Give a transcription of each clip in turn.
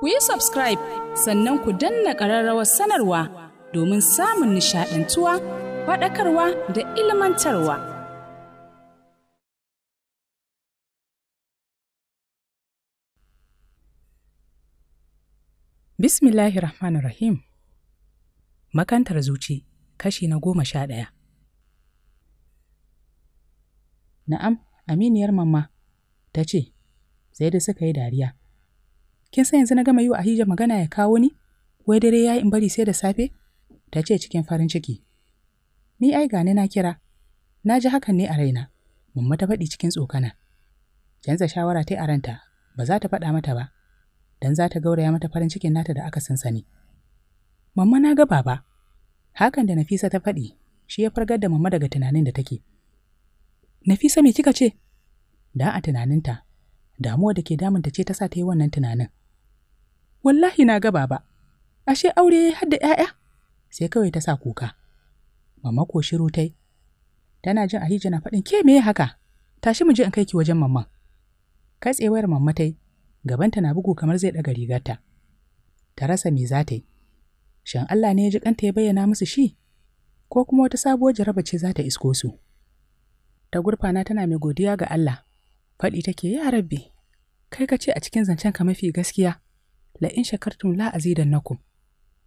ku yi subscribe sannan ku danna ƙararrawar sanarwa domin samun nishaɗantuwa faɗakarwa da ilmantarwa. bismillahi Rahmanir Rahim Makantar zuci kashi na goma sha ɗaya. Na'am, aminiyar mamma ta ce, sai da suka yi dariya. Kin san yanzu na gama yi wa Ahija magana ya kawo ni? Wai dare ya yi in bari sai da safe? Ta ce cikin farin ciki. Ni ai gani na kira. Na ji hakan ne a raina. Mamma ta faɗi cikin tsokana. Canza shawara ta yi a ranta, ba za ta faɗa mata ba, Dan za ta gauraya mata farin cikin nata da aka sani. Mamma na ga baba. Hakan da Nafisa ta faɗi, shi ya fargar da mamma daga tunanin da take. Nafisa me kika ce? Da a tunaninta, damuwa da ke damunta ce ta sa ta yi wannan tunanin. wallahi na ga baba ashe aure har da 'ya'ya sai kawai ta sa kuka mama ko shiru tai tana jin ahija na faɗin ke me haka tashi mu je in kai ki wajen mamman katsewar mamma tai gabanta na bugu kamar zai ɗaga rigarta ta rasa me za ta yi shin Allah ne ya ji kanta ya bayyana musu shi ko kuma wata sabuwar jaraba ce za ta isko su ta gurfana tana mai godiya ga Allah faɗi take ya rabbi kai ka ce a cikin zancen ka mafi gaskiya la'in shakartum la nakum,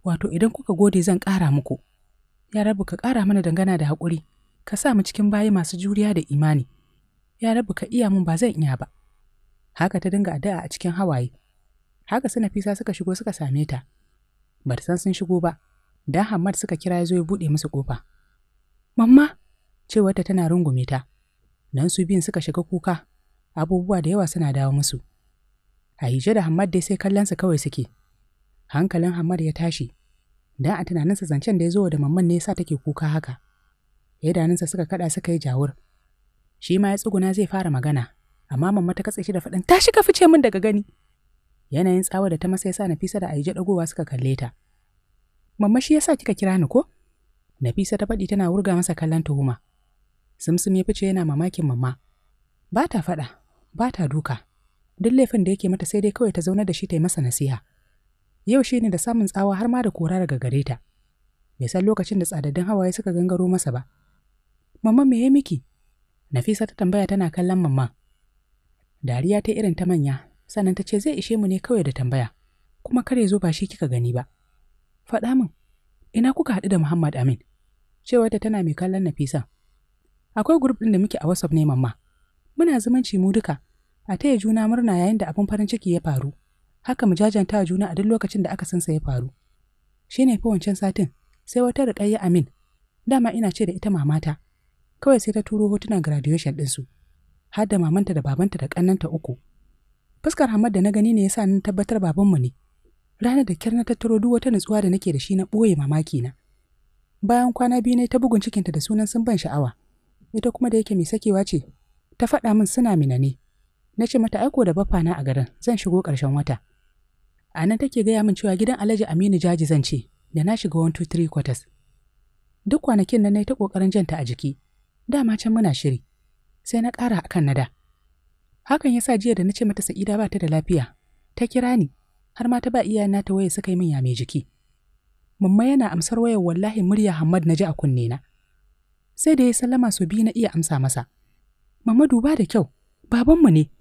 wato idan kuka gode zan ƙara muku ya rabu ka ƙara mana dangana da haƙuri ka sa mu cikin bayi masu juriya da imani ya rabu ka iya mun ba zan iya ba haka ta dinga addu'a a cikin hawaye haka suna fisa suka shigo suka same ta Bata san sun shigo ba da Hamad suka kira ya zo ya buɗe musu ƙofa mamma cewarta tana rungume ta nan su biyun suka shiga kuka abubuwa da yawa suna dawo musu Aisha da Hamad dai sai kallon kawai suke. Hankalin Hamad ya tashi, Da a tunaninsa zancen da ya zo da mamman ne yasa take kuka haka. Idanunsa suka kada suka yi jawur. Shi ma ya tsuguna zai fara magana, amma mamma ta katse shi da faɗin tashi ka fice min daga gani. Yanayin tsawa da ta masa yasa Nafisa da Aisha dagowa suka kalle ta. Mamma shi yasa kika kira ni ko? Nafisa ta faɗi tana wurga masa kallon tuhuma. Sumsum ya fice yana mamakin mamma. Ba ta faɗa, ba ta duka, duk laifin da yake mata sai dai kawai ta zauna da shi ta yi masa nasiha yau shi ne da samun tsawa har ma da kora daga gare ta bai san lokacin da tsadaddin hawaye suka gangaro masa ba mamma me ya miki nafisa ta tambaya tana kallon mamma dariya ta irin ta manya sannan ta ce zai ishe mu ne kawai da tambaya kuma kar ya zo ba shi kika gani ba faɗa min ina kuka haɗu da muhammad amin cewa ta tana mai kallon nafisa akwai grup ɗin da muke a whatsapp ne mamma muna zumunci mu duka a taya juna murna yayin da abin farin ciki ya faru haka mu jajanta juna a duk lokacin da aka san sa ya faru shi ne fi wancan satin sai wata riƙayya amin dama ina ce da ita mamata kawai sai ta turo hotunan graduation ɗinsu har da mamanta da babanta da ƙannanta uku fuskar hamad da na gani ne ya yasa na tabbatar babanmu ne ranar da kyar na tattaro duk wata nutsuwa da nake da shi na ɓoye mamaki na bayan kwana biyu ne ta bugun cikinta da sunan sun ban sha'awa ita kuma da yake mai sakewa ce ta faɗa min suna mina ne na ce mata aiko da baffa na a garin zan shigo ƙarshen wata a nan take gaya min cewa gidan alhaji aminu jaji zan ce da na shiga 1 2 3 quarters duk kwanakin nan na yi ta ƙoƙarin janta a jiki dama can muna shiri sai na ƙara a kan na da hakan ya sa jiya da na ce mata sa'ida ba ta da lafiya ta kira ni har ma ta ba iyayena ta waya suka yi min ya mai jiki mamma yana amsar wayar wallahi murya Hamad na ji a kunne na. Sai da ya sallama su biyu na iya amsa masa. Mamadu duba da kyau, babanmu ne,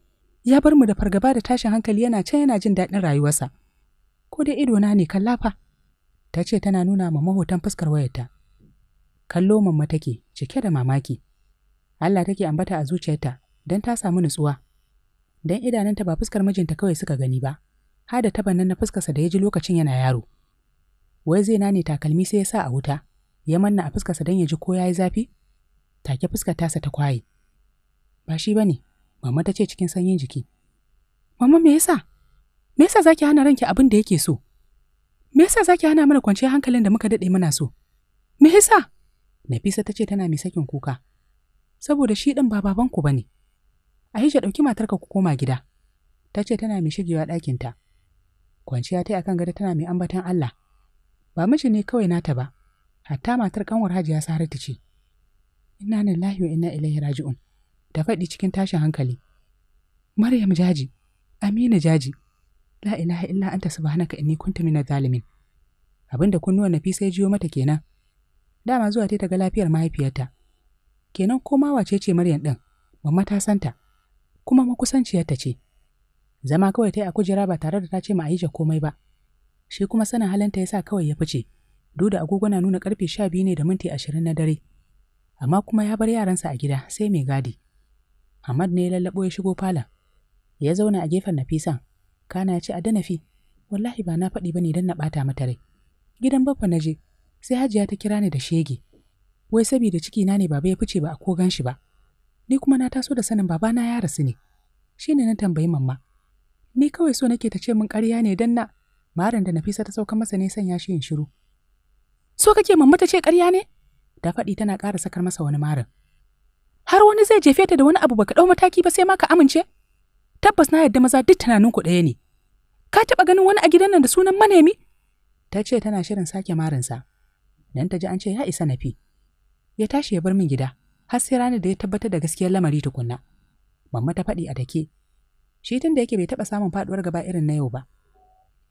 ya bar mu da fargaba da tashin hankali yana can yana jin daɗin rayuwarsa ko dai idona ne kallafa ta ce tana nuna ma mahotan fuskar wayarta kallo mamma take cike da mamaki Allah take ambata a zuciyarta don ta samu nutsuwa don idanunta ba fuskar mijinta kawai suka gani ba har da taban nan na fuskarsa da ya ji lokacin yana yaro wai zai nane takalmi sai ya sa a wuta ya manna a fuskarsa don ya ji ko ya yi zafi take fuskar tasa ta kwaye ba shi ba ne Mama ta ce cikin sanyin jiki. Mama me yasa? Me yasa zaki hana ranki abin da yake so? Me yasa zaki hana mana kwanciyar hankalin da muka daɗe muna so? Me yasa? Nafisa ta ce tana mai sakin kuka. Saboda shi ɗin ba babanku ba ne. Aisha ɗauki matarka ku koma gida. Ta ce tana mai shigewa ta Kwanciya ta yi akan gado tana mai ambatan Allah. Ba miji ne kawai nata ba, hatta matar kanwar Hajiya Saratu ce. Inna lillahi wa inna ilaihi raji'un. ta faɗi cikin tashin hankali. Maryam jaji, Amina jaji, la ilaha illa anta subhanaka inni kuntu minaz zalimin. Abin da kunnuwan Nafisa sai jiyo mata kenan. Dama zuwa ta ga lafiyar mahaifiyarta. Kenan koma wace ce Maryam ɗin, mamma ta santa, kuma makusanciyarta ce. Zama kawai ta yi a kujera ba tare da ta ce ma Aisha komai ba. Shi kuma sanin halinta ya sa kawai ya fice. Duda agogo na nuna karfe sha biyu ne da minti ashirin na dare. Amma kuma ya bar yaransa a gida sai mai gadi. Ahmad ne ya lallaɓo ya shigo falon. Ya zauna a gefen Nafisan, kana ya ce a da Nafi, wallahi ba na faɗi bane ne don na ɓata mata rai. Gidan baffa na je, sai hajiya ta kira ni da shege. Wai saboda ciki na ne baba ya fice ba a kogan shi ba. Ni kuma na taso da sanin babana ya rasu ne. Shi ne na tambayi mamma. Ni kawai so nake ta ce min ƙarya ne don na maran da Nafisa ta sauka masa ne sanya shi in shiru. So kake mamma ta ce ƙarya ne? Ta faɗi tana ƙara sakar masa wani marin. har wani zai jefe ta da wani abu baka ɗau mataki ba sai ma ka amince tabbas na yadda maza duk tunaninku ɗaya ne ka taɓa ganin wani a gidan nan da sunan manemi ta ce tana shirin sake marinsa nan ta ji an ce ya isa nafi ya tashi ya bar min gida har sai ranar da ya tabbatar da gaskiyar lamari tukunna mamma ta faɗi a dake shi tun da yake bai taɓa samun faɗuwar gaba irin na yau ba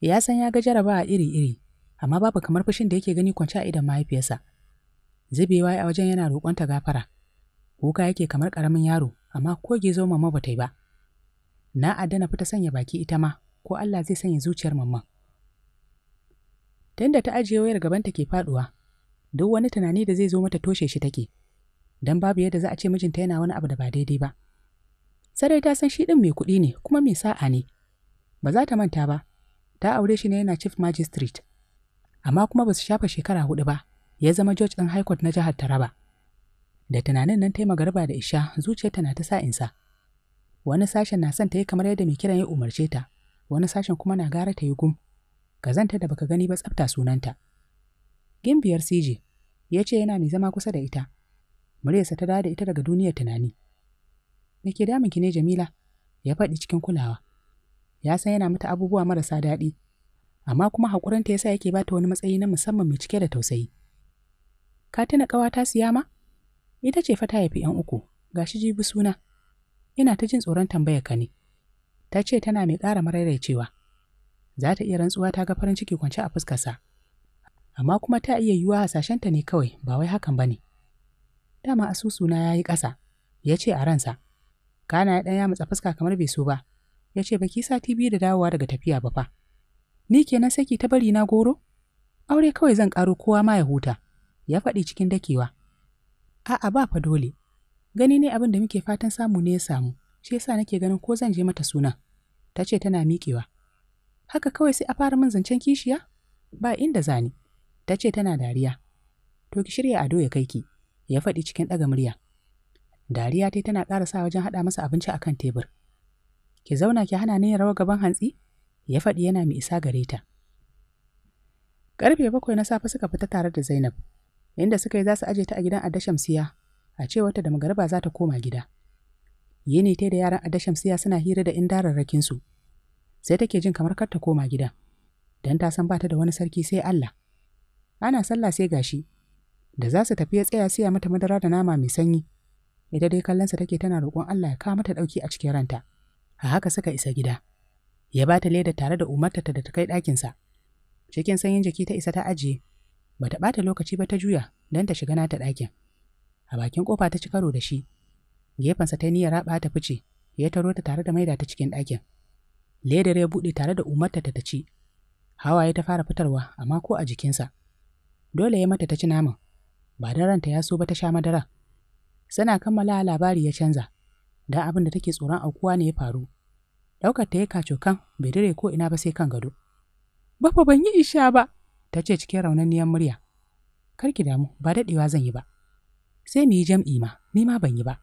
ya san ya ga jarabawa iri-iri amma babu kamar fushin da yake gani kwance a idan mahaifiyarsa zubewa a wajen yana roƙonta gafara kuka yake kamar ƙaramin yaro amma ko gizo mamma ba ta yi ba na adana fita sanya baki ita ma ko Allah zai sanya zuciyar mamma tunda ta ajiye wayar gaban ta ke faduwa duk wani tunani da zai zo mata toshe shi take dan babu yadda za a ce mijinta yana wani abu da ba daidai ba sarai ta san shi ɗin mai kuɗi ne kuma mai sa'a ne ba za ta manta ba ta aure shi ne yana chief magistrate amma kuma ba su shafa shekara hudu ba ya zama George ɗin High Court na jihar Taraba. da tunanin nan ta yi magarba da isha zuciyarta na ta sa insa wani sashen na son ta yi kamar yadda mai kiran ya umarce ta wani sashen kuma na gara ta yi gum kazanta da baka gani ba tsafta sunanta gimbiyar cj ya ce yana mai zama kusa da ita muryarsa ta dawo da ita daga duniyar tunani me ke damun ki ne jamila ya faɗi cikin kulawa ya san yana mata abubuwa marasa daɗi amma kuma haƙurinta ya sa yake ba ta wani matsayi na musamman mai cike da tausayi ka tuna ƙawata ma? ita ce fa ta haifi ‘yan uku, Ga gashi jibi suna, ina ta jin tsoron tambayar ka ne. Ta ce tana mai ƙara cewa. Za ta iya rantsuwa ta ga farin ciki kwance a fuskarsa. Amma kuma ta iya yiwuwa hasashenta ne kawai ba wai hakan ba ne. Dama asusuna ya yi ƙasa, ya ce a ransa. Kana ya ɗan ya matsa fuska kamar bai so ba, ya ce baki sati biyu da dawowa daga tafiya ba fa. Ni kenan saki ta bari na goro? Aure kawai zan ƙaro kowa ma ya huta, ya faɗi cikin dakewa. A'a ba fa dole. Gani ne abin da muke fatan samu ne ya samu, shi yasa nake ganin ko zan je mata suna. Ta ce tana miƙewa. Haka kawai sai a fara min zancen kishiya? Ba inda zani. Ta ce tana dariya. To ki shirya ado ya kai ki, ya faɗi cikin ɗaga murya. Dariya tai tana ƙara sa wajen haɗa masa abinci a kan tebur. Ki zauna ki hana ni rawa gaban hantsi? Ya faɗi yana mai isa gare ta. Ƙarfe bakwai na safe suka fita tare da Zainab, inda suka yi za su aje ta a gidan Adda siya, a wata da magaraba za ta koma gida. Yini ta da yaran Adda siya suna hira da indararrakinsu, sai take jin kamar kar ta koma gida, don ta san ba ta da wani sarki sai Allah. Ana sallah sai gashi, da za su tafi ya tsaya siya mata madara da nama mai sanyi, ita dai kallonsa take tana roƙon Allah ya kawo mata ɗauki a cikin ranta. A haka suka isa gida. Ya ba ta leda tare da ta da ta kai ɗakinsa. Cikin sanyin jiki ta isa ta ajiye, ba ta ɓata lokaci ba ta juya don ta shiga nata ɗakin a bakin ƙofa ta ci karo da shi gefensa ta niyyar raɓa ta fice ya taro ta tare da maida ta cikin ɗakin ledar ya buɗe tare da umarta ta ta ci hawaye ta fara fitarwa amma ko a jikinsa dole ya mata ta ci naman ba don ranta ya so ba ta sha madara sana kammala labari ya canza Dan abin da take tsoron aukuwa ne ya faru ɗaukar ta ya kacokan bai dire ko ina ba sai kan gado. Ba fa ban yi isha ba, ta ce cikin raunanniyar murya kar ki damu ba daɗewa zan yi ba sai mu yi jam'i ma ni ma ban yi ba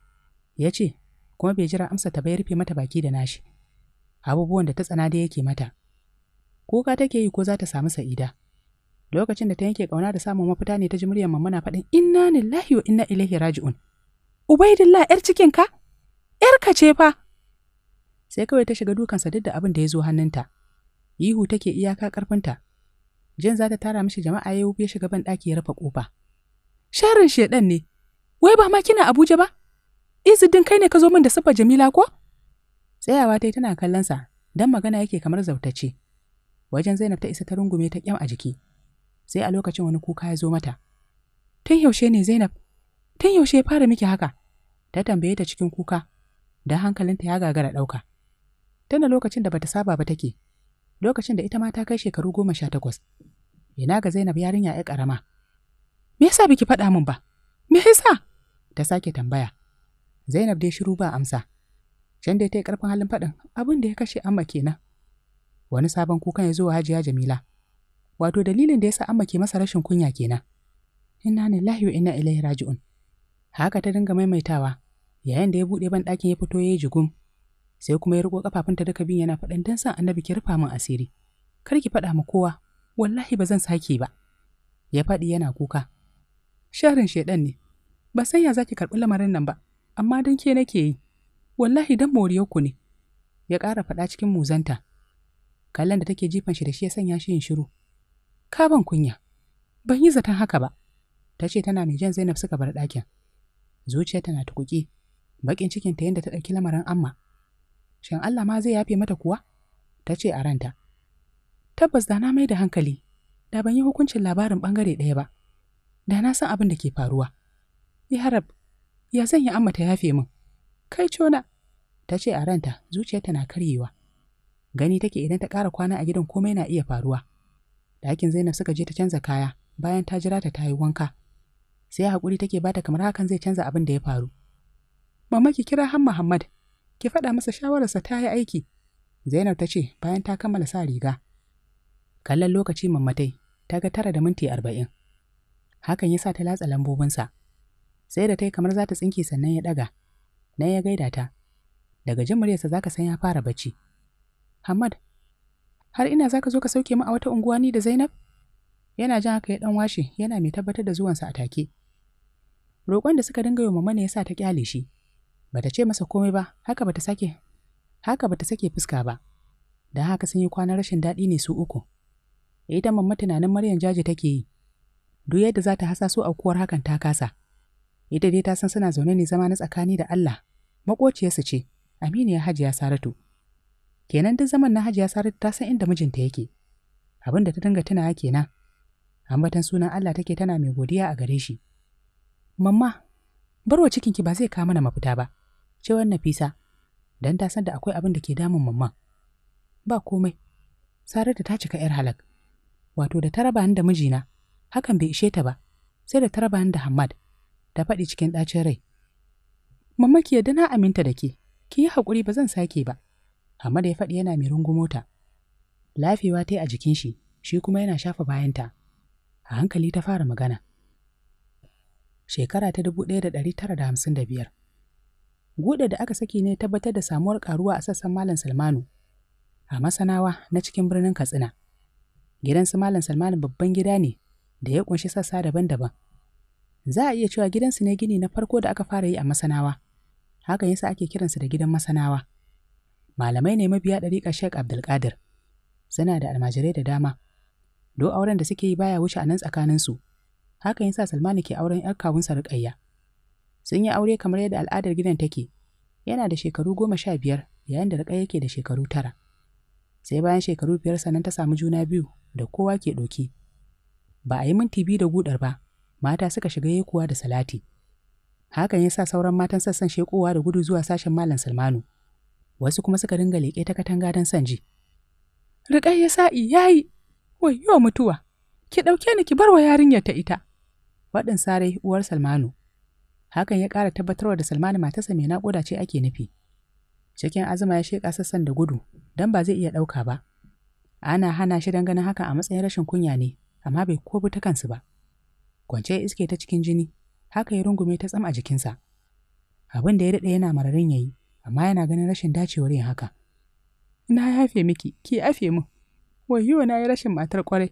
ya ce kuma bai jira amsa ta bai rufe mata baki da nashi abubuwan da ta tsana da yake mata kuka take yi ko za ta samu sa'ida lokacin da ta yanke ƙauna da samun mafita ne ta ji muryar mamana faɗin inna ni, wa inna ilaihi raji'un ubaidillah yar cikin ka yar ka ce fa sai kawai ta shiga dukansa duk da abin da ya zo hannunta ihu take iyaka ƙarfinta. Jen za ta tara mishi jama'a ya ya shiga ban ɗaki ya rufe ƙofa. Sharin shedan ne, wai ba ma kina Abuja ba? Izidin kai ne ka zo min da siffa Jamila ko? Tsayawa ta yi tana sa. dan magana yake kamar zautace. Wajen Zainab ta isa ta rungume ta kyam a jiki. Sai a lokacin wani kuka ya zo mata. Tun yaushe ne Zainab? Tun yaushe ya fara miki haka? Ta tambaye ta cikin kuka, da hankalinta ya gagara ɗauka. Tana lokacin da bata saba ba take, lokacin da ita ma ta kai shekaru goma sha takwas. Ina ga Zainab yarinya ya ƙarama. Me yasa biki faɗa min ba? Me yasa? Ta sake tambaya. Zainab dai shiru ba amsa. Can dai ta yi ƙarfin halin faɗin abin da ya kashe amma kenan. Wani sabon kukan ya zo wa Hajiya Jamila. Wato dalilin da ya sa amma ke masa rashin kunya kenan. Inna lillahi wa inna ilaihi raji'un. Haka ta dinga maimaitawa yayin da ya buɗe ban ɗakin ya fito ya yi jigum. Sai kuma ya riƙo ƙafafunta duka bin yana faɗin dan san annabi ki rufa min asiri. Kar ki faɗa ma kowa wallahi ba zan sake ba ya faɗi yana kuka sharin shaidan ne ba san ya zaki karɓi lamarin nan ba amma don ke nake yi wallahi dan moriyarku ne ya ƙara faɗa cikin muzanta kallon da take jifan shi da shi ya sanya shi yin shiru ka ban kunya ban yi zaton haka ba ta ce tana mai jan zainab suka bar ɗakin zuciya tana tukuki baƙin cikinta yadda ta ɗauki lamarin amma shin allah ma zai yafe mata kuwa ta ce a ranta tabbas da na mai da hankali da ban yi hukuncin labarin bangare ɗaya ba da na san abin da ke faruwa Ya harab ya zan yi amma ta yafe min kai cona ta ce a ranta zuciyarta na karyewa gani take idan ta ƙara kwana a gidan komai na iya faruwa ɗakin zainab suka je ta canza kaya bayan ta jira ta tayi wanka sai haƙuri take bata kamar hakan zai canza abin da ya faru mama ki kira han muhammad ki faɗa masa shawararsa ta yi aiki zainab ta ce bayan ta kammala sa riga kallon lokaci mammatai ta ga tara da minti arba'in hakan ya sa ta latsa lambobinsa sai da ta yi kamar za ta tsinke sannan ya ɗaga na ya gaida ta daga jin muryarsa za ka san ya fara bacci hamad har ina za ka zo ka sauke mu a wata unguwa ni da zainab yana jan haka ya ɗan washe yana mai tabbatar da zuwansa a take roƙon da suka dinga yi wa ne ya sa ta kyale shi Ba ta ce masa komai ba haka ba bata sake haka ba ta sake fuska ba da haka sun yi kwanan rashin daɗi ne su uku ya ita mamma tunanin Maryam jaji take yi. Duk yadda za ta hasaso aukuwar hakan ta kasa. Ita dai ta san suna zaune ne zama na tsakani da Allah, maƙociyarsu ce, Aminu ya Hajiya Saratu. Kenan duk zaman na Hajiya Saratu ta san inda mijinta yake. Abin da ta dinga tunawa kenan. Ambatan sunan Allah take tana mai godiya a gare shi. Mamma, barwa cikinki ba zai kawo mana mafita ba. Cewar Nafisa, dan ta san da akwai abin da ke damun mamman. Ba komai, Saratu ta cika 'yar halak. wato da ta raba da mijina, hakan bai ishe ta ba, sai da ta raba da Hamad, ta faɗi cikin ɗacin rai. Mamma ki yadda na aminta da ke, ki yi haƙuri ba zan sake ba. Hamad ya faɗi yana mai mota. lafiya ta yi a jikin shi, shi kuma yana shafa bayanta. A hankali ta fara magana. Shekara ta dubu ɗaya da ɗari tara da hamsin da biyar. Gude da aka saki ne tabbatar da samuwar ƙaruwa a sassan Malam Salmanu, a Masanawa na cikin birnin Katsina. gidan su Malam Salmanu babban gida ne da ya kunshi sassa daban-daban. Za a iya cewa gidansu ne gini na farko da aka fara yi a Masanawa, haka yasa ake kiransu da gidan Masanawa. Malamai ne mabiya ɗariƙar Sheikh Abdulkadir, suna da almajirai da dama. Do auren da suke yi baya wuce a nan tsakaninsu, haka yasa Salmanu ke auren 'yar kawunsa Rukayya. Sun yi aure kamar yadda al'adar gidan take, yana da shekaru goma sha biyar yayin da Rukayya yake da shekaru tara. Sai bayan shekaru biyar sannan ta samu juna biyu da kowa ke ɗoki. Ba a yi minti biyu da gudar ba, mata suka shiga yekuwa da salati. Hakan ya sa sauran matan sassan shekowa da gudu zuwa sashen Malam Salmanu. Wasu kuma suka dinga leƙe ta katanga don son ji. Riƙai ya sa'i ya yi, yau mutuwa, ki ɗauke ni ki bar wa yarinyar ta ita. Waɗin sarai uwar Salmanu. Hakan ya ƙara tabbatarwa da Salmanu matarsa mai naƙuda ce ake nufi. Cikin azuma ya sheƙa sassan da gudu, don ba zai iya ɗauka ba. Ana hana shi don ganin haka, a matsayin rashin kunya ne, amma bai kobi ta kansu ba. Kwance iske ta cikin jini, haka ya rungume ta tsam a jikinsa. Abin da ya daɗe yana mararin yi, amma yana ganin rashin dacewar yin haka. Na haife miki, ki afe min. Wayyo na yi rashin matar kwarai.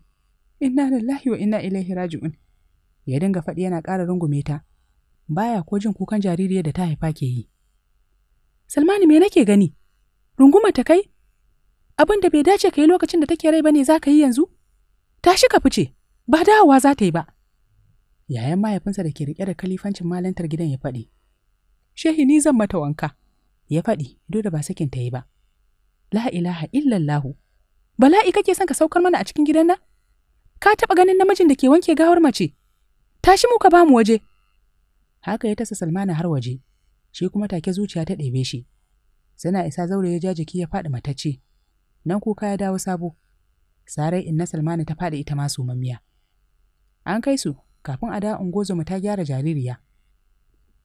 Inna lillahi wa inna ilaihi raji'un. Ya dinga faɗi yana ƙara rungume ta. Baya ko jin kukan jaririyar da ta haifa ke yi. Salmani me nake gani? Runguma ta kai? abin da bai dace ka yi lokacin da take rai ba ne za ka yi yanzu tashi ka fice ba dawowa za ta yi ba yayan mahaifinsa da ke riƙe da kalifancin malantar gidan ya faɗi shehi ni zan mata wanka ya faɗi do da ba sakin ta yi ba la ilaha illallahu bala'i kake son ka saukar mana a cikin gidan na ka taɓa ganin namijin da ke wanke gawar mace tashi mu ka ba mu waje haka ya tasa salmana har waje shi kuma take zuciya ta ɗebe shi sana isa zaure ya ja jiki ya faɗi matacce nan kuka ya dawo sabo sarai inna salmani ta faɗi ita ma sumammiya an kai su kafin a da ungozoma ta gyara jaririya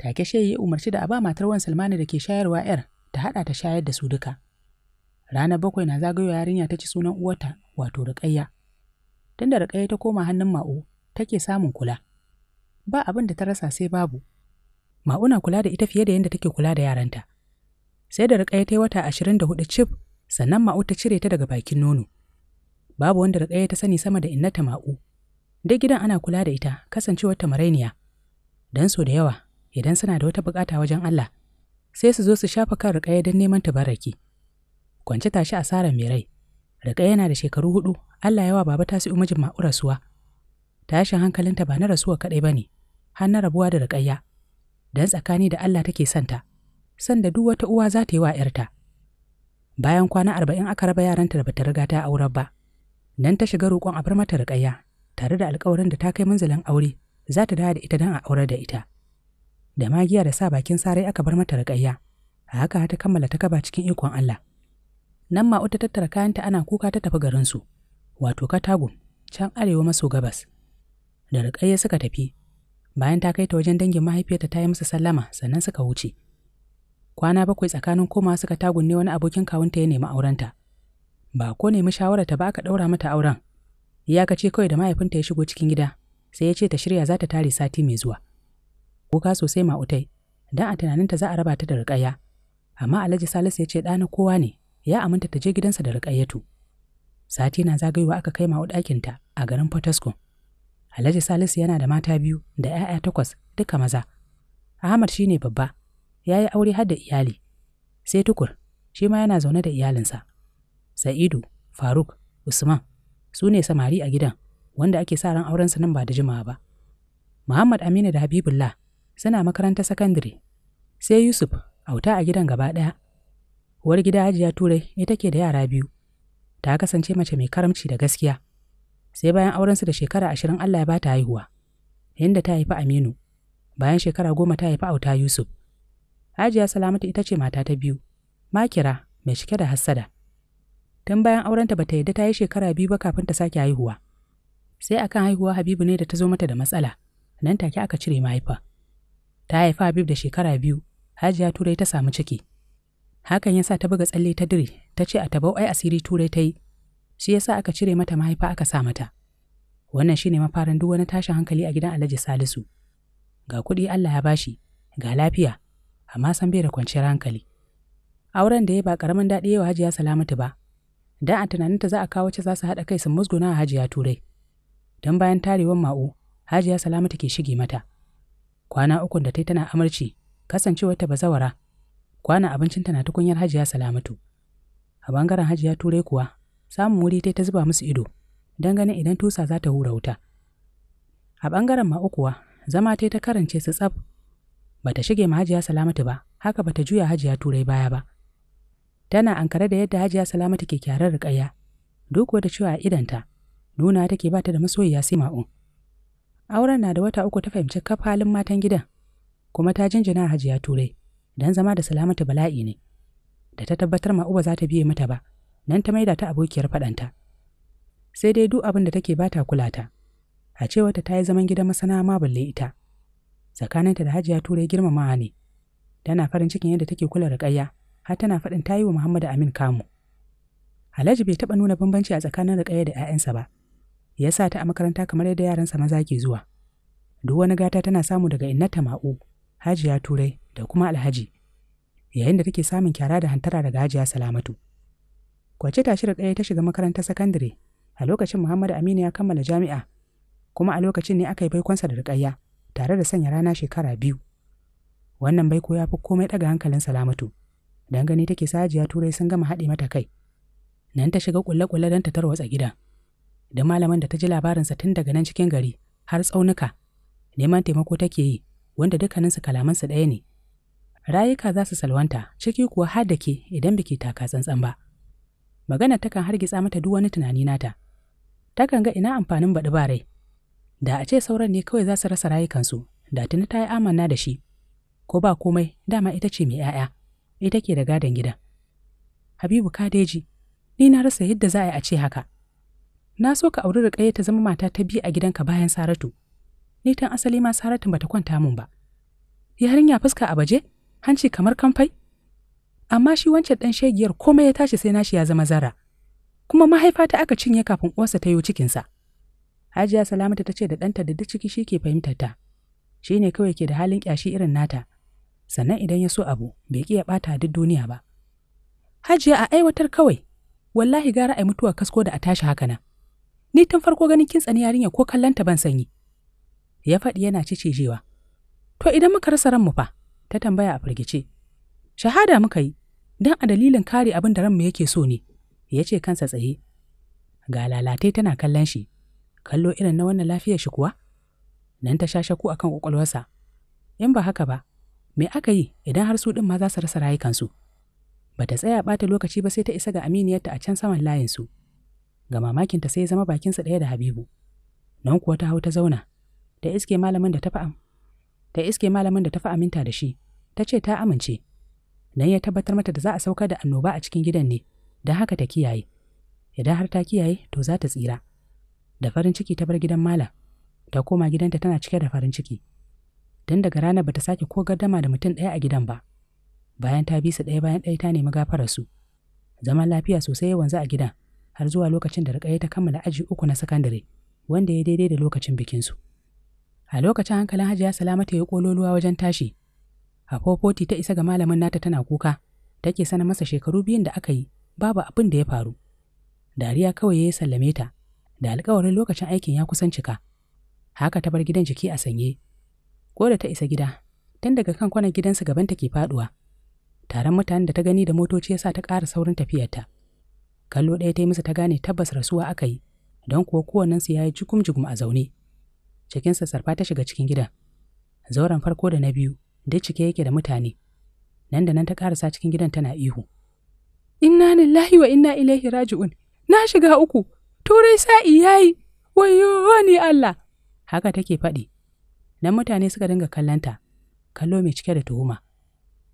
take shehi ya umarci da a ba matar wan salmani da ke shayarwa yar ta haɗa ta shayar da su duka ranar bakwai na zagayowa yarinya ta ci sunan uwarta wato Tun tunda Rukayya ta koma hannun ma'u take samun kula ba abin da ta rasa sai babu ma'u na kula da ita fiye da yadda take kula da yaranta sai da Rukayya ta yi wata ashirin da hudu cif sannan ma'u ta cire ta daga bakin nono. Babu wanda da ɗaya ta sani sama da inna ta ma'u. Dai gidan ana kula da ita kasancewar ta marainiya. Dan so da yawa idan suna da wata bukata wajen Allah sai su zo su shafa kan riƙaya don neman ta baraki. Kwance tashi asarar mai rai. Riƙaya yana da shekaru hudu Allah yawa baba ta su umajin ma'u rasuwa. Tashin hankalinta ba na rasuwa kaɗai ba ne, har na rabuwa da rikayya Dan tsakani da Allah take santa, San da duk wata uwa za ta yi wa ‘yarta. bayan kwana arba'in aka raba yaranta da bata riga ta aurar ba nan ta shiga roƙon a bar mata riƙayya tare da alƙawarin da ta kai manzalin aure za ta dawo da ita don a aurar da ita da magiya da sa bakin sarai aka bar mata riƙayya a haka ta kammala ta kaba cikin ikon Allah nan ma uta tattara kayanta ana kuka ta tafi garin su wato katago can arewa maso gabas da riƙayya suka tafi bayan ta kai ta wajen dangin mahaifiyarta ta yi masa sallama sannan suka wuce kwana bakwai tsakanin koma suka tagunne wani abokin kawunta ya nemi aurenta ba ko nemi shawarar ta ba aka ɗaura mata auren ya iyakace kawai da mahaifinta ya shigo cikin gida sai ya ce ta shirya za ta tare sati mai zuwa kuka sosai ma'utai dan a tunaninta za a raba ta da riƙaya amma alhaji salisu ya ce ɗana kowa ne ya aminta ta je gidansa da riƙayyatu sati na zagayowa aka kai ma'u ta a garin Potosko. Alhaji Salisu yana da mata biyu da ‘ya'ya takwas duka maza. Ahmad shine babba, ya yi aure har da iyali sai tukur shi ma yana zaune da iyalinsa sa'idu faruk usman su ne samari a gidan wanda ake sa ran su nan ba da jimawa ba muhammad aminu da habibullah suna makarantar sakandare sai yusuf auta a gidan gaba ɗaya uwar gida hajiya turai ita ke da yara biyu ta kasance mace mai karamci da gaskiya sai bayan aurensu da shekara ashirin allah ya ba ta haihuwa Yadda ta haifi aminu bayan shekara goma ta haifi auta yusuf Hajiya Salamatu ita ce mata ta biyu, makira mai cike da hassada. Tun bayan aurenta bata yadda ta yi shekara biyu ba kafin ta sake haihuwa. Sai akan haihuwa Habibu ne da ta zo mata da matsala, nan take aka cire mahaifa. Ta haifa Habibu da shekara biyu, Hajiya Turai ta samu ciki. Hakan yasa ta buga tsalle ta dire, ta ce a tabau ai asiri Turai ta yi. Shi yasa aka cire mata mahaifa aka sa mata. Wannan shine mafarin duk wani tashin hankali a gidan Alhaji Salisu. Ga kuɗi Allah ya bashi, ga lafiya, amma san bai da kwanciyar hankali. Auren da ya ba karamin daɗi yawa Hajiya Salamatu ba, dan a tunaninta za a kawo ce za su haɗa kai su musguna a Hajiya Turai. Don bayan tarewan ma'u, Hajiya Salamatu ke shige mata. Kwana ukun da ta tana amarci, kasancewar ta bazawara, kwana abincinta na tukunyar Hajiya Salamatu. A bangaren Hajiya Turai kuwa, samun wuri ta ta zuba musu ido, don ganin idan tusa za ta hura wuta. A bangaren ma'u kuwa, zama ta ta karance su tsab. bata shige ma hajiya salamatu ba haka bata juya hajiya turai baya ba tana ankare da yadda hajiya salamatu ke kyarar riƙayya duk wata cewa a idanta nuna take bata da masoyiya sai mau auren na da wata uku ta fahimci kaf halin matan gidan kuma ta jinjina hajiya turai dan zama da salamatu bala'i ne da ta tabbatar ma uba za ta biye mata ba nan ta maida ta abokiyar faɗanta sai dai duk abin da take bata kulata. a cewa ta yi zaman gidan masana ma balle ita tsakaninta da hajiya turai girmamawa ne tana farin cikin yadda take kula da har tana faɗin ta yi wa muhammadu amin kamu alhaji bai taɓa nuna bambanci a tsakanin raƙayya da 'ya'yansa ba ya sa ta a makaranta kamar yadda yaransa maza ke zuwa duk wani gata tana samu daga innata ma'u hajiya turai da kuma alhaji yayin da take samun kyara da hantara daga hajiya salamatu kwace ta shirya ɗaya ta shiga makarantar sakandare a lokacin muhammadu aminu ya kammala jami'a kuma a lokacin ne aka yi baikonsa da riƙayya tare da sanya rana shekara biyu wannan baiko ya fi komai ɗaga hankalin salamatu don gani take sajiya turai sun gama haɗe mata kai nan ta shiga ƙulle-ƙulle don ta tarwatsa gida da malaman da ta ji labarinsa tun daga nan cikin gari har tsaunuka neman taimako take yi wanda dukkaninsu kalamansu ɗaya ne rayuka za su salwanta ciki kuwa har da ke idan biki taka tsantsan ba magana takan hargitsa mata duk wani tunani nata takan ga ina amfanin baɗi ba rai da a ce sauran ne kawai za su rasa rayukansu da tuni ta yi amanna da shi ko ba komai dama ita ce mai 'ya'ya ita ke da gadon gida habibu kadeji ni na rasa yadda za a yi a ce haka na so ka auri riƙaye ta zama mata ta biyu a gidanka bayan saratu ni tan asali ma saratu bata kwanta mun ba yarinya fuska a baje hanci kamar kamfai amma shi wancan ɗan shegiyar komai ya tashi sai nashi ya zama zara kuma mahaifata aka cinye kafin uwarsa ta yi cikinsa Hajiya Salamatu ta ce da ɗanta da duk ciki shi ke fahimtar ta. Shi ne kawai ke da halin ƙyashi irin nata. Sannan idan ya so abu, bai ƙi ya ɓata duk duniya ba. Hajiya a aiwatar kawai, wallahi gara a mutuwa kasko da a tashi haka na. Ni tun farko ganin kin tsani yarinya ko kallanta ban sanyi. Ya faɗi yana cicijewa. To idan muka rasa ran mu fa, ta tambaya a firgice. Shahada muka yi, don a dalilin kare abin da ranmu yake so ne, ya ce kansa tsaye. Ga lalatai tana kallon shi, kallo irin na wannan lafiyar shi kuwa nan ta sha shaku akan kwakwalwarsa in ba haka ba me aka yi idan har su ɗin ma za su rasa rayukansu ba ta tsaya ɓata lokaci ba sai ta isa ga aminiyarta a can saman layinsu ga mamakinta sai ya zama bakinsa ɗaya da habibu nan kuwa ta hau ta zauna ta iske malamin da ta fa'am ta iske malamin da ta aminta da shi ta ce ta amince nan ya tabbatar mata da za a saukar da annoba a cikin gidan ne don haka ta kiyaye idan har ta kiyaye to za ta tsira da farin ciki ta bar gidan malam ta koma gidanta tana cike da farin ciki tun daga ranar bata sake ko gardama da mutum ɗaya a gidan ba bayan ta bisa ɗaya bayan ɗaya ta nemi gafarar su zaman lafiya sosai ya wanzu a gidan har zuwa lokacin da rikaye ta kammala aji uku na sakandare wanda ya daidai da lokacin bikin su a lokacin hankalin hajiya salamata ya kololuwa wajen tashi a fofoti ta isa ga malamin nata tana kuka take sanar masa shekaru biyun da aka yi babu abin da ya faru dariya kawai ya yi sallame ta da alkawarin lokacin aikin ya kusan cika. Haka ta bar gidan jiki a sanye. Ko da ta isa gida, tun daga kan kwanan gidansa gaban ta ke faduwa. Taron mutanen da ta gani da motoci ya sa ta ƙara saurin tafiyarta. Kallo ɗaya ta yi masa ta gane tabbas rasuwa aka yi, don kuwa kowannensu ya yi jukum jugum a zaune. Cikinsa sarfa ta shiga cikin gidan. Zauren farko da na biyu, duk cike yake da mutane. Nan da nan ta ƙarasa cikin gidan tana ihu. Inna lillahi wa inna ilaihi raji'un, na shiga uku, turai sa'i ya yi, wayo ne, Allah, haka take faɗi. Nan mutane suka dinga kallanta, kallo mai cike da tuhuma.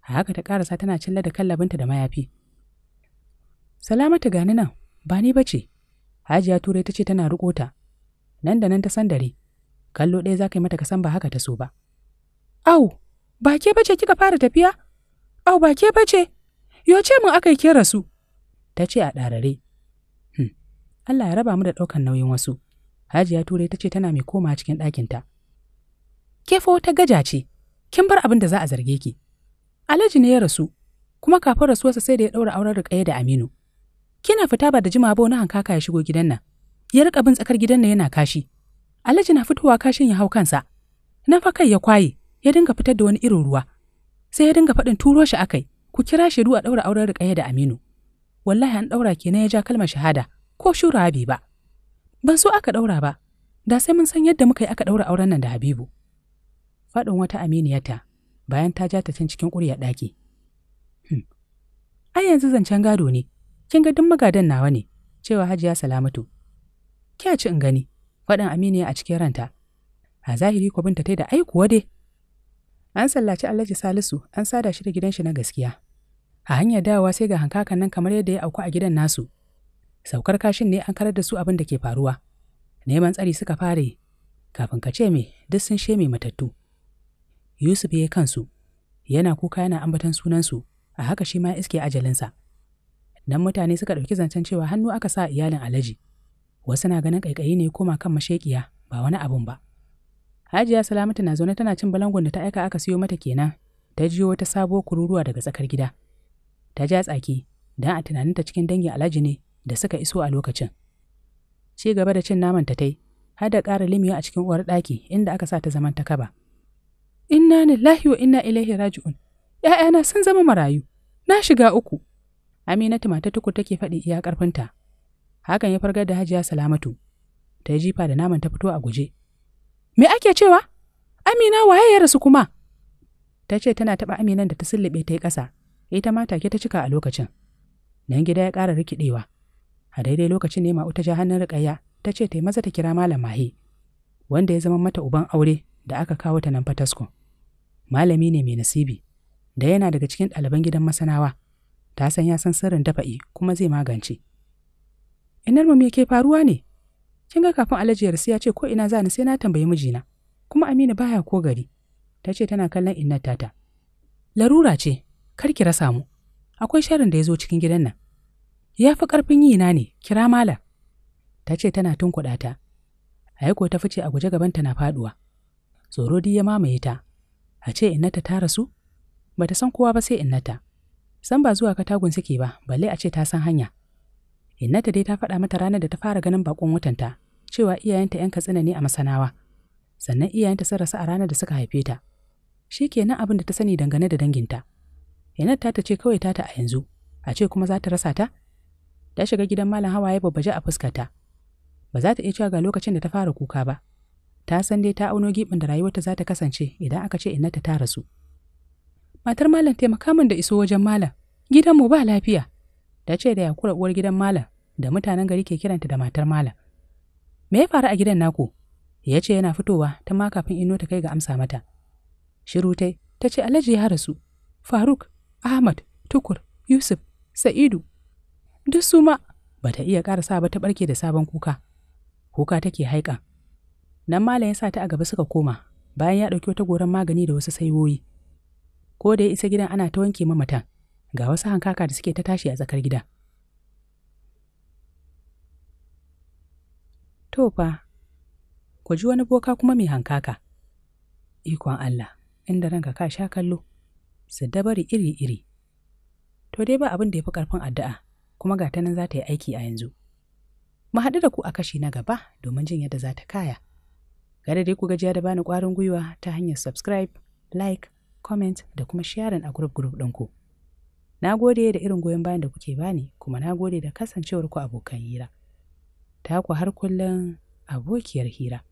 A haka ta ƙarasa tana cilla da kallabinta da mayafi. Salamatu gani nan, ba ni ba ce, Hajiya Turai ta ce tana rikota. nan da nan ta san dare, kallo ɗaya za ka yi mata kasan ba haka ta so ba. Au, ba ke ce kika fara tafiya? Au, ba ke ce yau ce mun aka yi kera su. Ta ce a ɗarare, Allah ya raba mu da ɗaukan nauyin wasu. Hajiya Turai ta ce tana mai koma cikin ɗakinta. Ke fa wata gaja ce, kin bar abin da za a zarge ki. Alhaji ne ya rasu, kuma kafin rasuwarsa sai da ya ɗaura auren riƙaye da Aminu. Kina fita ba da jimawa ba wani hankaka ya shigo gidan nan. Ya riƙa bin tsakar gidan nan yana kashi. Alhaji na fitowa kashin ya hau kansa. Nan fa kai ya kwaye, ya dinga fitar da wani irin ruwa. Sai ya dinga faɗin turo shi akai, ku kira shi a ɗaura auren riƙaye da Aminu. Wallahi an ɗaura kenan ya ja kalmar shahada. ko shura abi ba. Ban so aka ɗaura ba, da sai mun san yadda muka yi aka ɗaura auren nan da Habibu. Faɗin wata aminiyata bayan ta ja ta can cikin ƙurya ɗaki. a hmm. Ai yanzu zancen gado ne, kin ga duk magadan nawa ne, cewa Hajiya Salamatu. Kya ci in gani, faɗin aminiya a cikin ranta. A zahiri ko binta ta da kuwa dai. An sallaci Alhaji Salisu an sada shi da gidan shi na gaskiya. A hanya, dawowa sai ga hankakan nan kamar yadda ya auku a gidan nasu. saukar kashin ne an karar da su abin da ke faruwa neman tsari suka fare kafin ka ce me duk sun sheme matattu yusuf ya kansu yana kuka yana ambatan sunansu a haka shi ma iske ajalinsa nan mutane suka ɗauki zancen cewa hannu aka sa iyalin alaji wasu na ganin ƙaiƙayi ne koma kan mashekiya ba wani abun ba hajiya salamatu na zaune tana cin balangon da ta aika aka siyo mata kenan ta jiyo wata sabuwar kururuwa daga tsakar gida ta ja tsaki don a ta cikin dangin alaji ne da suka iso a lokacin. Ci gaba da cin naman ta tai, har da ƙara limiya a cikin uwar ɗaki inda aka sa ta zaman ta kaba. Inna ni, wa inna ilaihi raji'un. ‘Ya'yana sun zama marayu, na shiga uku. Aminatu mata tuku take faɗi iya ƙarfinta. Hakan ya fargar da Hajiya Salamatu. Ta yi jifa da naman ta fito a guje. Me ake cewa? Amina waye ya rasu kuma? Ta ce tana taɓa Aminan da ta sulluɓe ta yi ƙasa, ita ma take ta cika a lokacin. Nan gida ya ƙara rikidewa. a daidai lokacin ne ma'u ta ja hannun riƙayya ta ce ta yi maza ta kira malam mahi wanda ya zama mata uban aure da aka kawo ta nan fatasko malami ne mai nasibi da yana daga cikin ɗaliban gidan masanawa ta san ya san sirrin dafa'i kuma zai magance inar mu me ke faruwa ne kin ga kafin alajiyar ya ce ko ina za ni sai na tambayi mijina kuma Aminu baya ko gari ta ce tana kallon innar tata larura ce kar ki rasa mu akwai sharin da ya zo cikin gidan nan Ya fi ƙarfin yi na ne, kira mala Ta ce tana tun ta. Aiko ta fice a guje gabanta na faɗuwa. Tsoro ya mamaye ta. A ce innata ta rasu? Ba ta san kowa ba sai innata. San ba zuwa katagun suke ba, balle a ce ta san hanya. Innata dai ta faɗa mata ranar da ta fara ganin bakon ta, cewa iyayenta 'yan katsina ne a masanawa. Sannan iyayenta sun rasa a ranar da suka haife ta. Shi kenan abin da ta sani dangane da danginta. Innata ta ce kawai ta ta a yanzu, a ce kuma za ta rasa ta? ta shiga gidan malam hawaye babbaje a fuskata ba za ta iya cewa ga lokacin da ta fara kuka ba ta san dai ta auno gibin da rayuwarta za ta kasance idan aka ce innata ta rasu matar malam taimaka min da iso wajen malam gidanmu ba lafiya ta ce da yakura uwar gidan malam da mutanen gari ke kiranta da matar malam me ya faru a gidan naku ya ce yana fitowa ta ma kafin ino ta kai ga amsa mata shiru tai ta ce alhaji ya rasu faruk ahmad tukur yusuf sa'idu duk su ma ba ta iya ƙarasa ba ta ɓarke da sabon kuka kuka take haika nan malam ya sa ta a gaba suka koma bayan ya ɗauki wata goron magani da wasu saiwoyi ko da ya isa gidan ana ta wanke mamatan ga wasu hankaka da suke ta tashi a tsakar gida to fa ku ji wani boka kuma mai hankaka ikon Allah inda ranka ka sha kallo su dabari iri-iri to dai ba abin da ya fi ƙarfin addu'a kuma ga ta nan za ta yi aiki a yanzu. Mu haɗu da ku a kashi na gaba domin jin yadda za ta kaya. Gada dai ku gajiya da bani ƙwarin gwiwa ta hanyar subscribe, like, comment da kuma sharing a group group ɗinku. Na gode da irin goyon bayan da kuke bani kuma na gode da kasancewar ku abokan hira. Ta ku har kullum abokiyar hira.